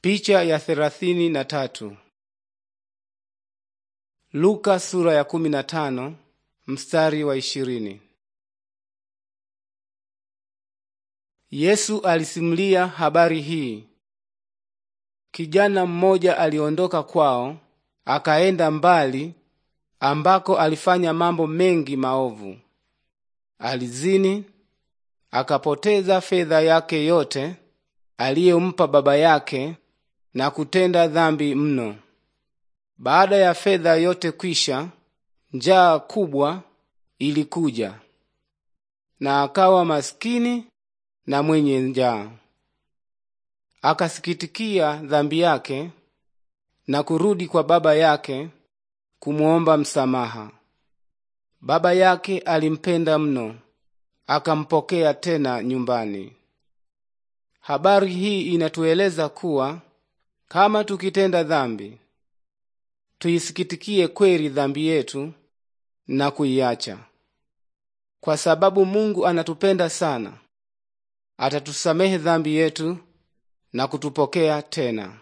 Picha ya thelathini na tatu. Luka sura ya kumi na tano mstari wa ishirini. Yesu alisimulia habari hii. Kijana mmoja aliondoka kwao akaenda mbali ambako alifanya mambo mengi maovu. Alizini, akapoteza fedha yake yote aliyompa baba yake na kutenda dhambi mno. Baada ya fedha yote kwisha, njaa kubwa ilikuja na akawa maskini na mwenye njaa. Akasikitikia dhambi yake na kurudi kwa baba yake kumwomba msamaha. Baba yake alimpenda mno, akampokea tena nyumbani. Habari hii inatueleza kuwa kama tukitenda dhambi, tuisikitikie kweli dhambi yetu na kuiacha, kwa sababu Mungu anatupenda sana, atatusamehe dhambi yetu na kutupokea tena.